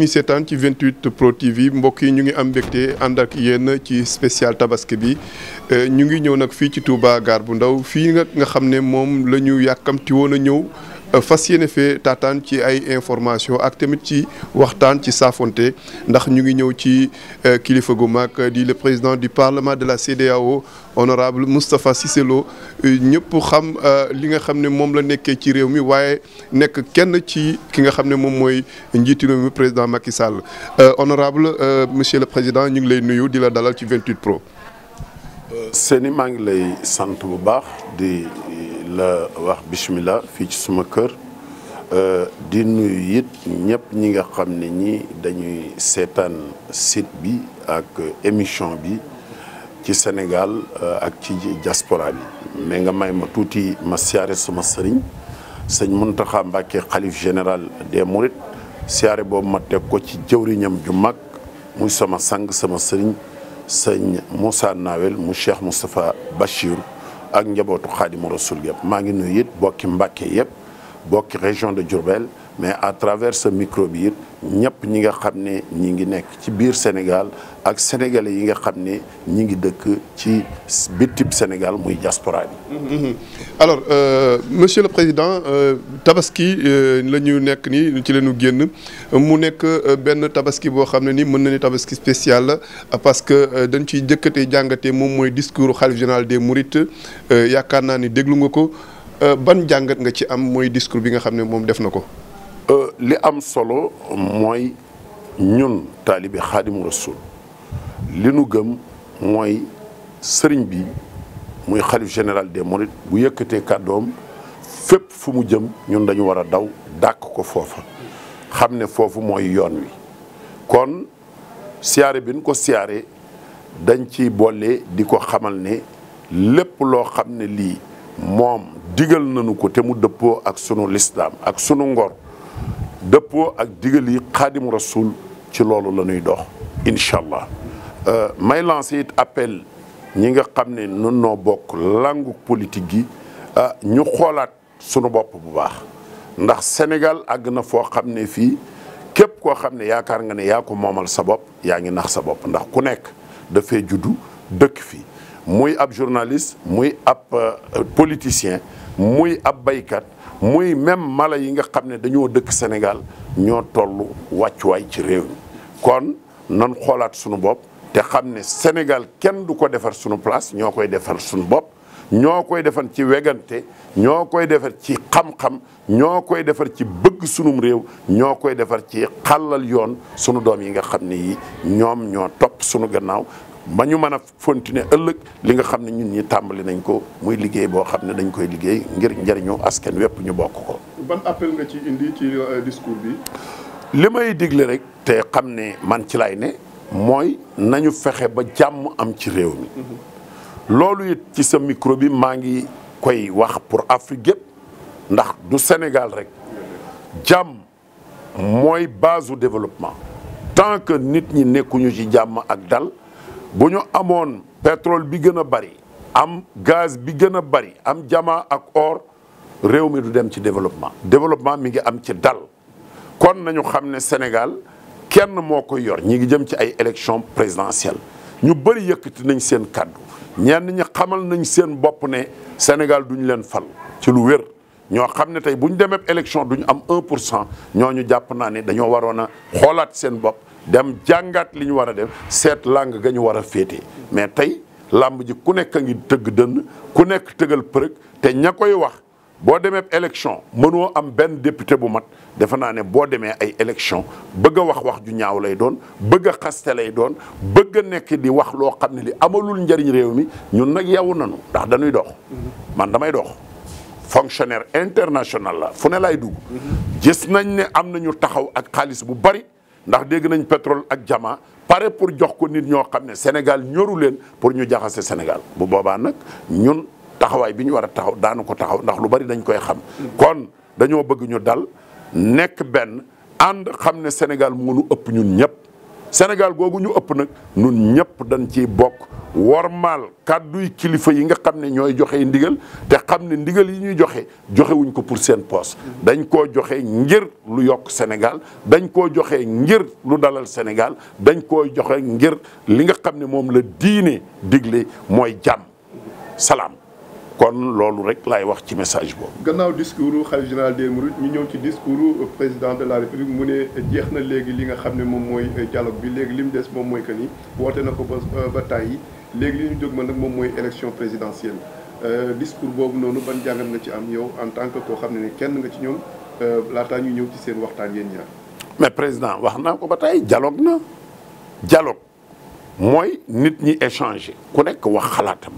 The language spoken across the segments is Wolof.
ñuy seetaan ci 28 Pro TV mbokk yi ñu ngi am mbégte ànd ak yéen ci spécial tabaski bi euh, ñu ngi ñëw nag fii ci Touba Gare bu Ndaw fii nag nga xam ne moom la ñu yàkkamti woon a ñëw. fas yéene fee taataan ci ay information ak tamit ci waxtaan ci saafonte ndax ñu ngi ñëw ci euh, kilifa gu mag di le président du parlement de la CEDEAO honorable Moustapha Cissé Lo euh, ñëpp xam euh, li nga xam ne moom la nekkee ci réew mi waaye nekk kenn ci ki nga xam ne moom mooy njiitu mi président Macky Sall honorable monsieur le président ñu ngi lay nuyu di la dalal ci 28 pro. Séni maa ngi lay sant bu baax di. la wax bismillah fii ci suma kër euh, di nuyu it ñëpp ñi nga xam ne ñi dañuy seetaan sit bi ak émission bi ci Sénégal euh, ak ci diaspora bi mais nga may ma tuuti ma siyaare suma sëriñ sëñ Muntaxa Mbàkke xalif général des Mourides siyaare boobu ma teg ko ci jëwriñam ju mag muy sama sang sama sëriñ sëñ Moussa Nawel mu Cheikh Moustapha Bachir ak njabootu xaadimu rasul yëpp maa ngi nuyu it bokki Mbàkke yëpp bokki région de Diourbel mais à travers ce micro bi it ñëpp ñi nga xam ne ñi ngi nekk ci biir Sénégal ak sénégalais yi nga xam ne ñi ngi dëkk ci bitib Sénégal muy diaspora bi. Mhm. alors euh, monsieur le président euh, tabaski euh, la ñu nekk nii ci la ñu génn mu nekk euh, benn tabaski boo xam ne ni mën nañu ni tabaski spécial la parce que euh, dañ ciy jëkkatee jàngatee moom mooy discours xalif général des mourides yaakaar naa ni déglu nga ko ban jàngat nga ci am mooy discours bi nga xam ne moom def na ko. Euh, li am solo mooy ñun taalibi xaadimu rasul li nu gëm mooy sëriñ bi muy xalif général des mourides bu yëkkatee kàddoom fépp fu mu jëm ñun dañu war a daw dàkk ko foofa xam ne foofu mooy yoon wi kon siyaare bi ñu ko siyaare dañ ci boole di ko xamal ne lépp loo xam ne lii moom digal nañu ko te mu dëppoo ak sunu lislaam ak sunu ngor dëppoo ak digal yi xaadimu rasul ci loolu la ñuy dox incha allah euh, may lancé it appel ñi nga xam ne nun noo bokk langu politique gi euh, ñu xoolaat sunu bopp bu baax ndax Sénégal àgg na foo xam ne fii képp koo xam ne yaakaar nga ne yaa ko moomal sa bopp yaa ngi nax sa bopp ndax ku nekk dafay juddu dëkk fii muy ab journaliste muy ab euh, politicien muy ab baykat muy même mala yi nga xam ne dañoo dëkk Sénégal ñoo tollu wàccuwaay ci réew mi kon nan xoolaat sunu bopp te xam ne Sénégal kenn du ko defar sunu place ñoo koy defar sunu bopp ñoo koy defar ci wegante ñoo koy defar ci xam-xam ñoo koy defar ci bëgg sunum réew ñoo koy defar ci xàllal yoon sunu doom yi nga xam ne yi ñoom ñoo topp sunu gannaaw ba ñu mën a continuer ëllëg li nga xam ne ñun ñi tàmbali nañ ko muy liggéey boo xam ne dañ koy liggéey ngir njëriñu askan wépp ñu bokk ko. ban appel nga ci indi ci euh, discours bi. li may digle rek te xam ne man ci lay ne mooy nañu fexe ba jàmm am ci réew mi mm-hmm. loolu it ci sa micro bi maa ngi koy wax pour Afrique gépp ndax du Sénégal rek jàmm mooy base du développement tant que nit ñi nekkuñu ci jàmm ak dal. bu ñu amoon pétrole bi gën a bari am gaz bi gën a bari am jamaa ak or réew mi du dem ci développement développement mi ngi am ci dal kon nañu xam ne Sénégal kenn moo koy yor ñi ngi jëm ci ay élection présidentielle ñu bëri yëkkati nañ seen kàddu ñenn ñi xamal nañ seen bopp ne Sénégal duñ leen fal ci lu wér ñoo xam ne tey bu ñu demee élection ñu am 1 pour cent ñooñu jàpp naa ne dañoo waroon a xoolaat seen bopp dem jàngat li ñu war a def seet lang ga ñu war a féete mais tey làmb ji ku nekk a ngi tëgg dënn ku nekk tëggal përëg te ña koy wax boo demee élection mënoo am benn député bu mat defe naa ne boo demee ay élection bëgg a wax wax ju ñaaw lay doon bëgg a xaste lay doon bëgg a nekk di wax loo xam ne li amalul njariñ réew mi ñun nag yow nanu ndax dañuy dox man damay dox fonctionnaire international la fu ne laay dugg mhm. gis nañ ne am nañu taxaw ak xaalis bu bari ndax dégg nañ pétrole ak jama pare pour jox ko nit ñoo xam ne Sénégal ñoru leen pour ñu jaxase Sénégal bu boobaa nag ñun taxawaay bi ñu war a taxaw daanu ko taxaw ndax lu bari dañ koy xam. kon dañoo bëgg ñu dal nekk benn ànd xam ne Sénégal moo nu ëpp ñun ñëpp Sénégal googu ñu ëpp nag ñun ñëpp dañ ci bokk. wormaal kàdduy kilifa yi nga xam ne ñooy joxe ndigal te xam ne ndigal yi ñuy joxe joxewuñ ko pour seen poos dañ koo joxe ngir lu yokk Sénégal dañ koo joxe ngir lu dalal Sénégal dañ koo joxe ngir li nga xam ne moom la diine digle mooy jàmm salaam kon loolu rek laay wax ci message boobu. gannaaw discours xalif général des mourides ñu ñëw ci discours président de la république mu ne jeex na léegi li nga xam ne moom mooy dialogue bi léegi li mu des moom mooy que ni woote na ko ba euh, ba tàyyi léegi li ñu jóg ma nag moom mooy élection présidentielle euh, discours boobu noonu ban jàngat nga ci am yow en tant que koo xam ne ne kenn nga ci ñoom euh, laataa ñu ñëw ci seen waxtaan yéen ñaar. mais président wax naa ko ba tey dialogue na dialogue mooy nit ñi échangé ku nekk wax xalaatam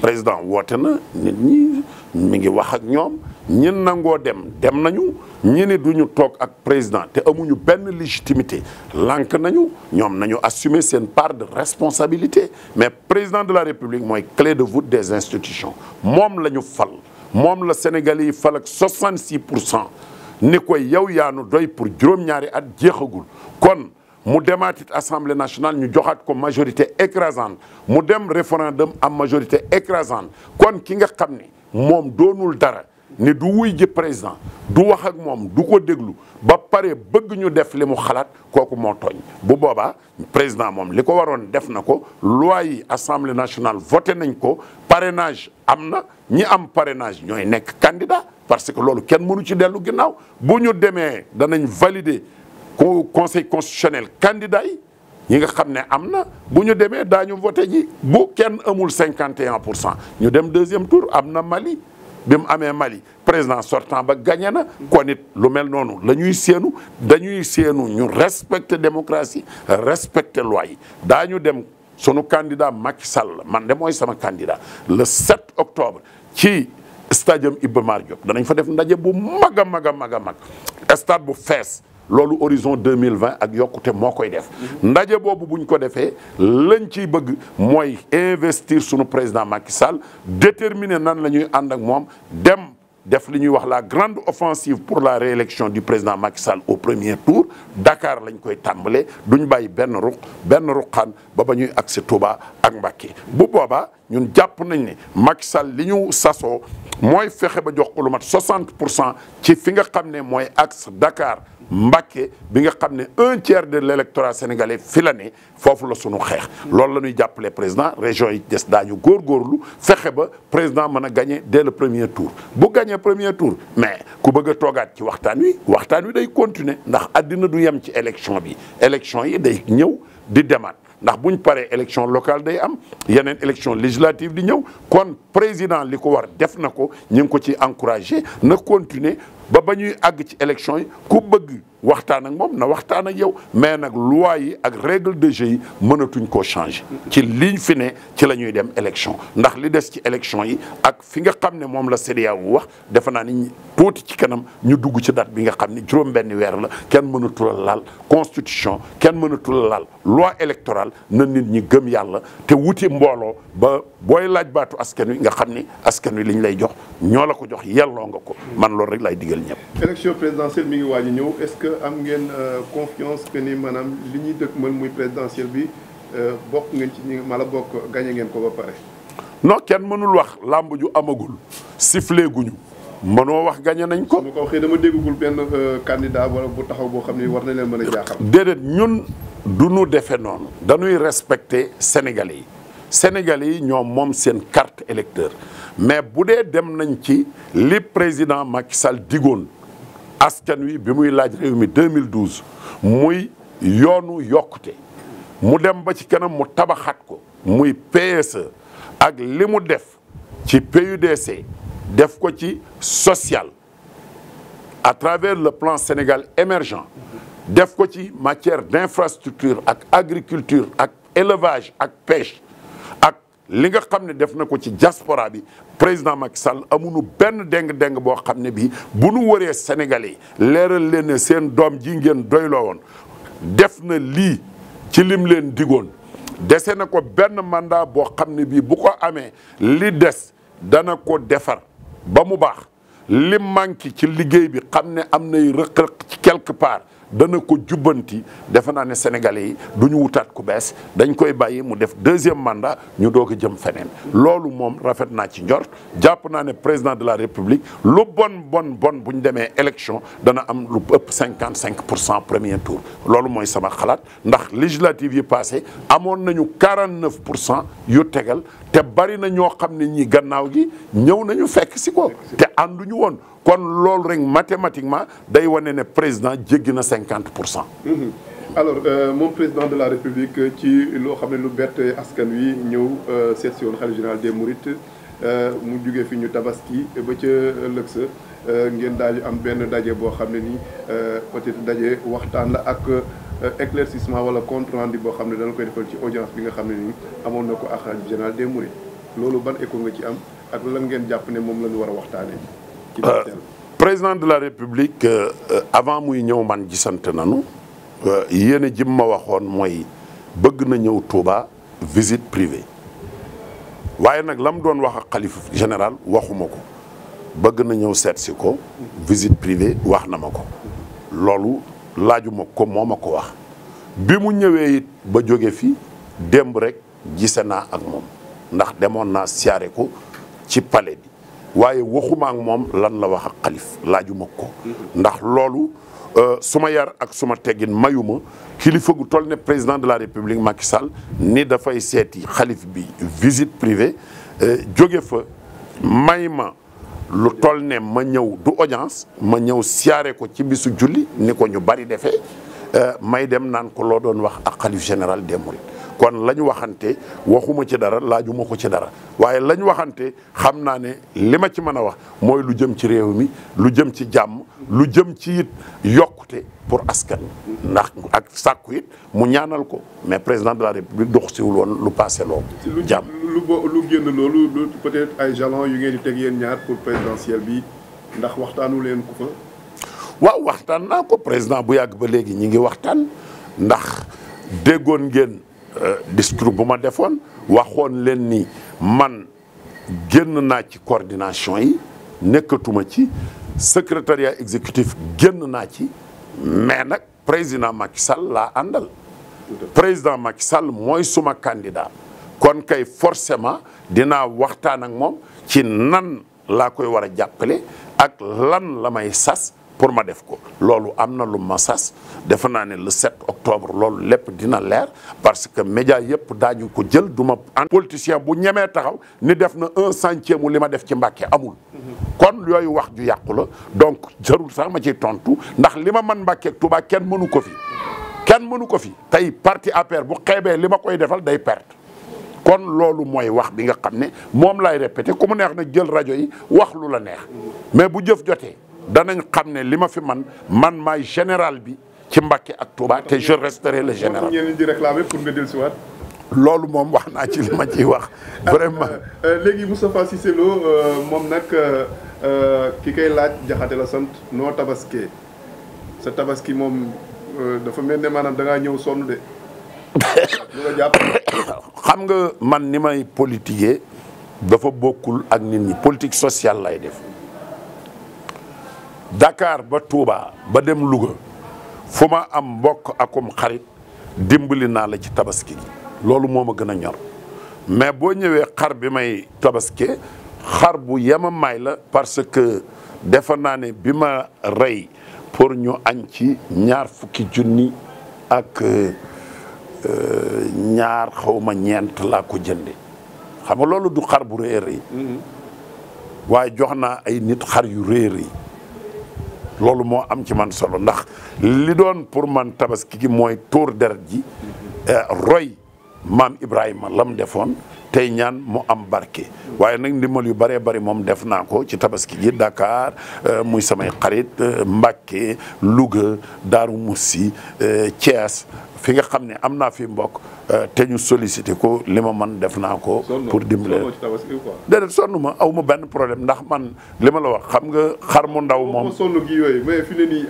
président woote na nit ñi mi ngi wax ak ñoom. ñin nangoo dem dem nañu ñi ni duñu toog ak président te amuñu benn légitimité lank nañu ñoom nañu assumer seen part de responsabilité mais président de la république mooy clé de voûte des institutions moom la ñu fal moom la Sénégalais yi fal ak 66 pour cent ni ko yow yaanu doy pour juróom-ñaari at jeexagul kon mu demaatit assemblée nationale ñu joxaat ko majorité écrasante mu dem référendum am majorité écrasante kon ki nga xam ni moom doonul dara ni du wuy ji président du wax ak moom du ko déglu ba pare bëgg ñu def li mu xalaat kooku moo tooñ bu boobaa président moom li ko waroon def na ko loi yi assemblée nationale voté nañ ko parenage am na ñi am parrainage ñooy nekk candidat parce que loolu kenn mënu ci dellu ginnaaw bu ñu demee danañ valider conseil constitutionnel candidat yi ñi nga xam ne am na bu demee daañu voté bu kenn amul 51 pour cent ñu dem deuxième tour am na Mali bi mu amee Mali président sortant ba gagné na kon it lu mel noonu la ñuy séenu dañuy séenu ñu respecter démocratie respecter loi daañu dem sunu candidat Macky Sall man de mooy sama candidat le 7 octobre ci stadium Iba Mar danañ fa def ndaje bu mag a mag a mag a mag stade bu fees loolu horizon deux mille vingt ak yokkute moo koy def ndaje boobu buñ ko defee lañ ciy bëgg mooy investir sunu président Macky Sall déterminer nan la ñuy ànd ak moom dem def li ñuy wax la grande offensive pour la réélection du président Macky Sall au premier tour Dakar lañ koy tàmbalee ñu bàyyi benn ruq benn ruqaan ba ba ñuy agsi Touba ak Mbacké bu boobaa ñun jàpp nañ ne Macky Sall li ñu sasoo mooy fexe ba jox mat 60 pour cent ci fi nga xam ne mooy axe Dakar. Mbàkke bi nga xam ne un tiers de l' électorat sénégalais fi la foofu la sunu xeex loolu la ñuy jàppale président région yi des daañu góorgóorlu fexe ba président mën a gañe dès le premier tour bu gagné premier tour mais ku bëgg a toogaat ci waxtaan wi waxtaan wi day continuer ndax àddina du yem ci élection bi élection yi day ñëw di demaat ndax buñ paree élection local day am yeneen élection législative di ñëw kon président li ko war def na ko ñu ngi ko ci encouragé na continuer ba ba ñuy àgg ci élection ku bëgg waxtaan ak moom na waxtaan ak yow mais nag loi yi ak règle de jeu yi mënatuñ ko changer. ci liñ fi ne ci la ñuy dem élection ndax li des ci élection yi ak fi nga xam ne moom la CEDEAO wax defe naa ni tuuti ci kanam ñu dugg ci date bi nga xam ni juróom-benni weer la kenn mënatul a laal constitution kenn mënatul laal loi électorale na nit ñi gëm yàlla te wuti mbooloo ba booy laaj baatu askan wi nga xam ni askan wi liñ lay jox ñoo la ko jox yelloo nga ko man loolu rek lay digal am ngeen euh, confiance que ni maanaam li ñuy dëkkmal muy présidentiel bi euh, bokk ngeen ci ñi mala bokk gañe ngeen ko ba pare. non kenn mënul wax làmb ju amagul sifflé guñu mënoo wax gañe nañ ko. ko waxee dama déggagul benn euh, candidat wala bu taxaw boo xam ne war na leen mën a jaaxal. déedéet ñun du nu defee noonu. dañuy respecter sénégal yi. sénégalais yi ñoom moom seen carte électeur mais bu dee dem nañ ci li président Macky Sall digoon askan wi bi muy laaj réew mi 2012 muy yoonu yokkute mu dem ba ci kanam mu tabaxaat ko muy PSE ak li mu def ci PUDC def ko ci social à travers le plan Sénégal émergent def ko ci matière d'infrastructure ak agriculture ak élevage ak pêche li nga xam ne def na ko ci diaspora bi président Macky Sall amuñu benn déng-déng boo xam ne bii bu nu waree Sénégalais yi leeral leen ne seen doom ji ngeen doyloo woon def na lii ci lim leen digoon dese na ko benn mandat boo xam ne bii bu ko amee li des dana ko defar ba mu baax li manqué ci liggéey bi xam ne am nay rëq-rëq ci quelque part dana ko jubbanti defe naa ne Sénégalais yi du ñu wutaat ku bees dañ koy bàyyi mu def deuxième mandat ñu doog a jëm feneen loolu moom rafet naa ci njort jàpp naa ne président de la république lu bon bon bon bu ñu demee élection dana am lu ëpp cinquante cinq pour cent premier tour loolu mooy sama xalaat ndax législative yi passé amoon nañu quarante neuf pour cent yu tegal te bari na ñoo xam ne ñi gannaaw gi ñëw nañu fekk si ko te ànduñu woon kon loolu rek mathématiquement day wane ne président jéggi na cinq cinquante pour mhm. alors euh, moom président de la république euh, ci loo xam ne lu bett askan wi ñëw euh, seet si woon xalifa général des mourides euh, mu jugee fi ñu tabaski ba ca ëllëg sa ngeen daal di am benn daje boo xam ne nii peut-être daje waxtaan la ak éclaircissement wala compte rendu boo xam ne dana koy defal ci audience bi nga xam ne nii amoon na ko ak xalifa général des mourides loolu ban eko nga ci am ak lan ngeen jàpp ne moom lañu ñu war a waxtaanee. ci président de la république euh, euh, avant muy ñëw man gisante nanu euh, yéen a jim ma waxoon mooy bëgg na ñëw Touba visite privée waaye nag la mu doon wax ak xalif général waxuma ko bëgg na ñëw seet si ko visite privée wax na ma ko loolu laajuma ko moo ma ko wax bi mu ñëwee it ba jóge fi démb rek gise naa ak moom ndax demoon naa siyaare ko ci pale bi waaye waxuma ak moom lan la wax ak xalif laajuma ko ndax loolu euh, suma yar ak suma teggin mayuma kilifa tol ne président de la république Macky Sall ni dafay seeti xalif bi visite privée euh, jóge fa may ma lu tol ne ma ñëw du audience ma ñëw siyaare ko ci bisu julli ni ko ñu bari defee euh, may dem naan ko loo doon wax ak xalif général des mourides kon lañ waxante waxuma ci dara laajuma ko ci dara waaye lañ waxante xam naa ne li ma ci mën a wax mooy lu jëm ci réew mi lu jëm ci jàmm lu jëm ci it yokkute pour askan ndax ak sàkku it mu ñaanal ko mais président de la république dox siwul lu passé loolu jàmm lu lu génn loolu peut-être ay jalon yu ngeen di teg yéen ñaar pour présidentielle bi ndax waxtaanu leen ko fa waaw waxtaan naa ko président bu yàgg ba léegi ñi ngi waxtaan ndax déggoon ngeen Euh, discours bu ma defoon waxoon leen ni man génn naa ci coordination yi nekkatuma ci secretariat exécutif génn naa ci mais nag président Macky Sall laa àndal. président Macky Sall mooy suma candidat kon kay forcément dinaa waxtaan ak moom ci nan laa koy war a jàppale ak lan la may sas. pour ma def ko loolu am na lu ma sas defe naa ne le 7 octobre loolu lépp dina leer parce que média yëpp daañu ko jël du ma en politicien bu ñemee taxaw ni def na un centième mu li ma def ci Mbàkke amul kon yooyu wax ju yàqu la donc jarul sax ma ci tontu ndax li ma man Mbàkke ak Tuubaa kenn mënu ko fi kenn mënu ko fi tey parti APR bu xeebee li ma koy defal day perte kon loolu mooy wax bi nga xam ne moom lay répété ku mu neex nag jël rajo yi wax lu la neex mais bu jëf jotee danañ xam ne li ma fi man man may général bi ci Mbacké ak Touba te je resterai le général. ñeneen di réclamer pour nga dellusiwaat. loolu moom wax naa ci li ma ciy wax vraiment. Euh, euh, léegi Moustapha Cissé Lo euh, moom nag ki koy laaj jaxate la sant noo tabaskee sa tabaski moom dafa mel ne maanaam da ngaa ñëw sonn de. xam nga man ni may politiquer dafa bokkul ak nit ñi politique sociale lay def. Dakar ba Touba ba dem Louga fu ma am mbokk akum xarit dimbali naa la ci tabaski loolu moo ma gën a ñor mais boo ñëwee xar bi may tabaski xar bu yema may la parce que defe naa ne bi ma rey pour ñu añ ci ñaar fukki junni ak euh, ñaar xawma ñeent laa ko jënde xam nga loolu du xar bu rëy rëy mm-hmm. waaye jox naa ay nit xar yu rëy a rëy loolu moo am ci man solo ndax li doon pour man tabaski gi mooy tóor deret ji eh, roy maam Ibrahima la mu defoon tey ñaan mu am barke waaye nag ndimbal yu bëree bëri moom def naa ko ci tabaski gi Dakar eh, muy samay karit eh, Mbacke Louga Darou Moussi Thiès fi nga xam ne am naa fi mbokk euh, te ñu sollicité ko li ma man def naa ko pour dimbale déedéet sonn ma aw ma benn problème ndax man li ma la wax xam nga xar mu ndaw moom euh,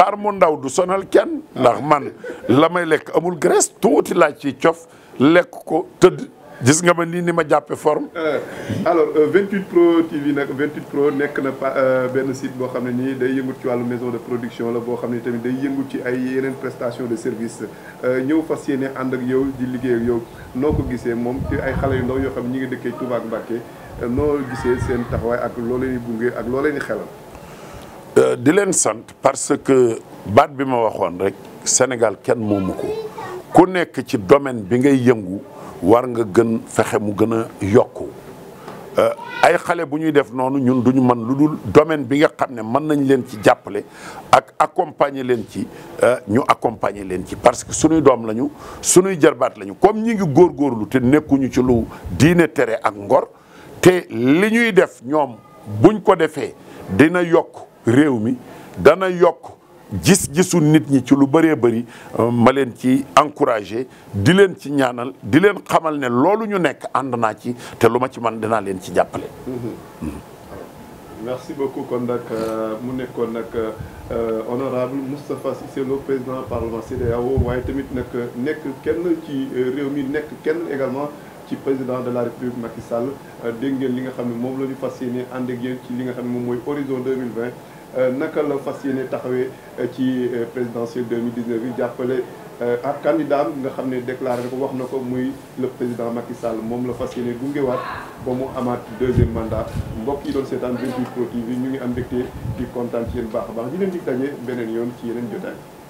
xar mu ndaw du sonal kenn ndax man ah. la may lekk amul graisse tuuti laaj ci cof lekk ko tëdd gis nga ma nii ni ma jàppe forme. Euh, alors 28 euh, Pro TV nag 28 Pro nekk na euh, benn site boo xam ne nii day yëngut ci wàllu maison de production la boo xam ne tamit day yëngu ci ay yeneen prestation de service ñëw fas yéene ànd ak yow di liggéey ak yow noo ko gisee moom ci ay xale yu ndaw yoo xam ne ñi ngi dëkkee Touba ak Mbacké noo gisee seen taxawaay ak loo leen di ak loo leen di xelal. di leen sant parce que baat bi ma waxoon rek Sénégal kenn moomu ko ku nekk ci domaine bi ngay yëngu. war nga gën fexe mu gën a yokku euh, ay xale bu ñuy def noonu ñun duñu mën lu dul domaine bi nga xam ne mën nañ leen ci jàppale ak accompagner leen ci euh, ñu accompagner leen ci parce que suñuy doom lañu suñuy jarbaat lañu comme ñi ngi góorlu te nekkuñu ci lu diine tere ak ngor te li ñuy def ñoom buñ ko defee dina yokk réew mi dana yokk jis gisu nit ñi ci lu bëree bëri euh, ma leen ci encouragé di leen ci ñaanal di leen xamal ne loolu ñu nekk ànd naa ci te lu ma ci man dinaa leen ci jàppale. Mm-hmm. Mm-hmm. merci beaucoup kon nag euh, mu nekkoon nag euh, honorable Moustapha Cissé Lo président parlement CEDEAO waaye tamit nag nekk kenn ci réew mi nekk kenn également ci président de la république Macky Sall li nga xam ne moom la ñu fas yéene ànd ak yéen ci li nga xam ne moom mooy horizon 2020 Euh, naka la fas yéene taxawee euh, ci euh, présidentielle 2019 yi jàppale ak candidat nga xam ne déclaré ko wax na ko muy le président i Sall moom la fas yéene gungewaat ba mu amaat deuxième mandat mbokk yi doon seetaan 28 Pro TV ñu ngi am mbégte di kontaan ci yéen baax baax di leen di daje beneen yoon ci yeneen jotaay.